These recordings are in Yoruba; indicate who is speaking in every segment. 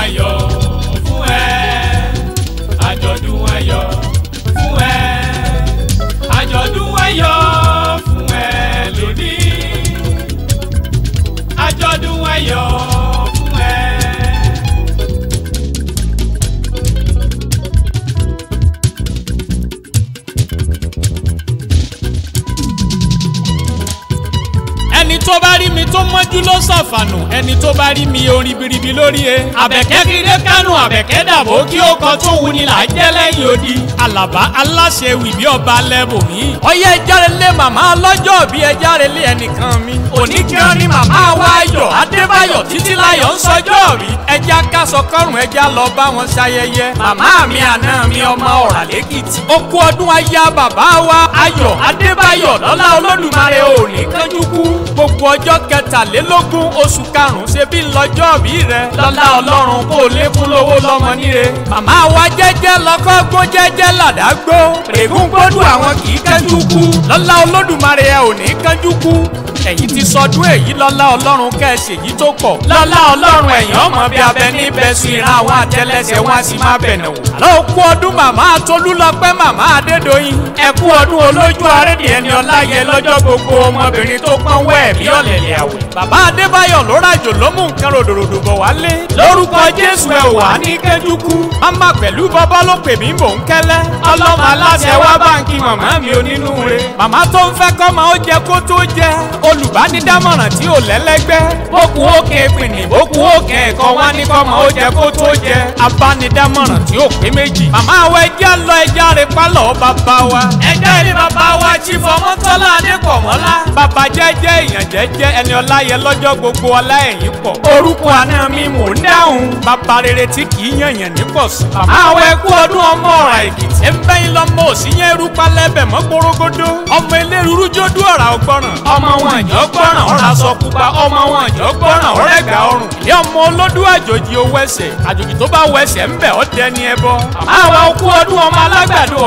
Speaker 1: ayọ̀ fún ẹ àjọ̀dún ayọ̀ fún ẹ àjọ̀dún ayọ̀ fún ẹ lónìí àjọ̀dún ayọ̀. tó bá rí mi tó mọ́jú ló sọ̀fànù ẹni tó bá rí mi orin biribi lórí e. àbẹ̀kẹ́ fi dé kánú àbẹ̀kẹ́ dàbò kí ó kọ tó wù ní làájẹ́ lẹ́yìn odi. àlàbá aláṣẹ wìbí ọba lẹ́bù mi. ọyẹ ìjáre lé màmá ọlọ́jọ́ bí ẹ járe lé ẹnìkan mi. òní kí wọ́n ní màmá wa ayọ̀ adébáyọ̀ títí láyọ̀ ń bá sọ kọrùn ẹja lọ bá wọn ṣayẹyẹ. màmá mi àná mi ọmọ ọ̀rà lẹ́kìtì. ó kú ọdún aya bàbá wa ayọ̀ adébáyọ̀ lọ́lá olódùmarè ò ní kánjú kú. gbogbo ọjọ́ kẹtàlélógún oṣù karùn-ún ṣe bí lọ́jọ́ bí rẹ. lọ́lá ọlọ́run kò lè fún lówó lọ́mọ níre. màmá wa jẹ́jẹ́ lọ́kọ́ gbó jẹ́jẹ́ làdágbó. règún gbódù àwọn kì í kánjú kú. olódùmarè ò ní ẹ̀yin ti sọdún èyí lọ́lá ọlọ́run kẹ́sì èyí tó pọ̀ lọ́lá ọlọ́run ẹ̀yin ọmọ bíi abẹ níbẹ̀ sí ìran àwọn àtẹlẹsẹ̀ wá sí má bẹ̀nẹ̀ wò. àlọ́ òkú ọdún màmá Tolúlọpẹ́ màmá Adédoyin ẹ kú ọdún olójú arédìẹ ni ọláyẹ lọ́jọ́ gbogbo ọmọbìnrin tó pọ́n wẹ́ẹ̀ bí ọ̀lẹ̀lẹ̀ àwẹ̀. bàbá Adébáyọ̀ ló rajo ló mú nǹkan ròdòròdò bọ̀ wálé. lórúkọ Jésù mama pẹ̀lú màmá tó ń fẹ́ kọ́mọ ó jẹ kó tó jẹ olùbánidámọ̀ràn tí ò lẹ́lẹ́gbẹ́ bókun òkè pìnì bókun òkè ẹ̀kọ́ wá ní kọ́mọ ó jẹ kó tó jẹ abánidámọ̀ràn tí ò pé méjì màmá wa ẹja lọ ẹja rẹ pálọ̀ bàbá wa. ẹja ilé bàbá wa ti fọmọ́ tọ́lá adékọ̀mọ́lá. bàbá jẹ́jẹ́ èèyàn jẹ́jẹ́ ẹni ọláyẹ lọ́jọ́ gbogbo ọlá ẹ̀yìn pọ̀ orúkọ àná mi mò ń lọ́hùn. bàbá rere tí kì í yànyàn ní pọ̀sùn. àmọ́ àwọn ẹkú ọdún ọmọ ọ̀rà èkìtì. ẹnbẹ́ yín lọ́mọ òsì yẹn rú palẹ́bẹ̀ mọ́ gbórógódó. ọmọ elérúurú jódú ọ̀rà ọgbọ́ràn. ọmọ wọn ìjọ gbọ́ràn ọ̀rà ọmọ wọn gbọ́ràn ọ̀rẹ́ ọrùn. ìyá ọmọ olódú àjòjì owó ẹsẹ̀. àjòjì tó bá wọ ẹsẹ̀ ń bẹ̀ ọ́ ẹbọ. ọdún ọmọ alágbàdo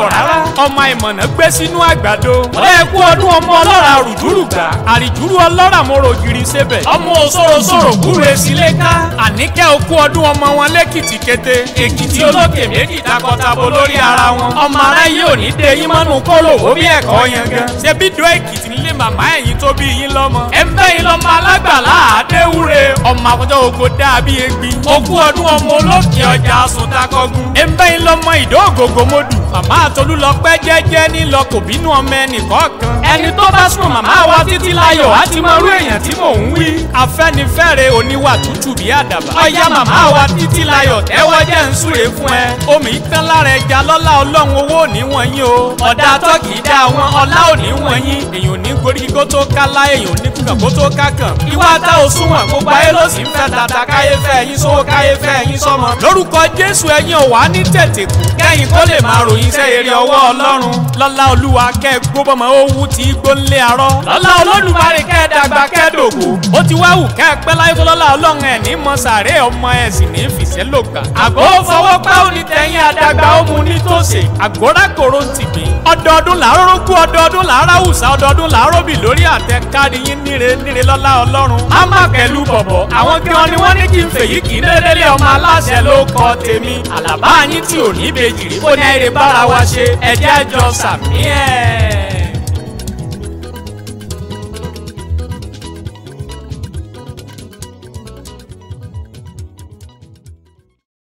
Speaker 1: kú ọdún ọmọ wọn lẹ́kìtì kété èkìtì olókè méjì takọtabo lórí ara wọn ọmọ aráyé ò ní dé yín mọ́nú kólò ó bí ẹ̀kọ́ yẹn gan ṣe bídùn èkìtì nílé màmá ẹ̀yìn tó bí yín lọ́mọ ẹ̀ ń bẹ́yìn lọ́mọ alágbàlá àdéwúre ọmọ àkọjọ ògo dàbí egbin ó kú ọdún ọmọ olókè ọjà sùn takọgun ẹ̀ ń bẹ́yìn lọ́mọ ìdó ògògò mọ́dù màmá àtolúlọpẹ́ jẹ́jẹ́ nílọ kò bínú ọmọ ẹnìkọ̀ọ̀kan. ẹni tó bá sùn màmá wa títí láyọ̀ á ti mọrú èèyàn tí mò ń wí. afẹ́nifẹ́re oníwà tútù bí àdàbà. ọ̀yá màmá wa títí láyọ̀ tẹ́wọ́ jẹ́ ń súre fún ẹ. omi tán lára ẹja lọ́lá ọlọ́run owó ò ní wọ̀nyí o. ọ̀dà tọ́kì dá wọn ọlá ò wọ̀nyí orí kó tó ká láèyàn níkùnà kó tó ká kàn. ìwà tá ò súnmọ̀ gbogbo ayé ló sì ń fẹ́ tata káyé fẹ́ yín sówó káyé fẹ́ yín sọmọ. lórúkọ jésù ẹ̀yin ò wá ní tètè kù kẹ́yìn kó lè máa ròyìn iṣẹ́ eré ọwọ́ ọlọ́run. lọ́lá olúwa kẹ́ gbóbọ̀mọ́ owó tí igbó ń lé arọ́. lọ́lá olódùmarè kẹ́ dàgbà kẹ́ dògò. ó ti wá wù kẹ́ pẹ́ láyé fọlọ́lá ọlọ́run ẹ̀ ní mọ ábì lórí àtẹ kárí yín níre níre lọ́lá ọlọ́run. a má kẹlu bọ̀bọ̀ àwọn kí wọn ni wọ́n ní kí n fèyí kì í lélẹ́lẹ́ ọmọ aláṣẹ ló kọ tèmi. àlàbá tí ò ní bèjì rí kó ní àìrè bára wa ṣe ẹ̀jẹ̀ jọ sàmí ẹ̀.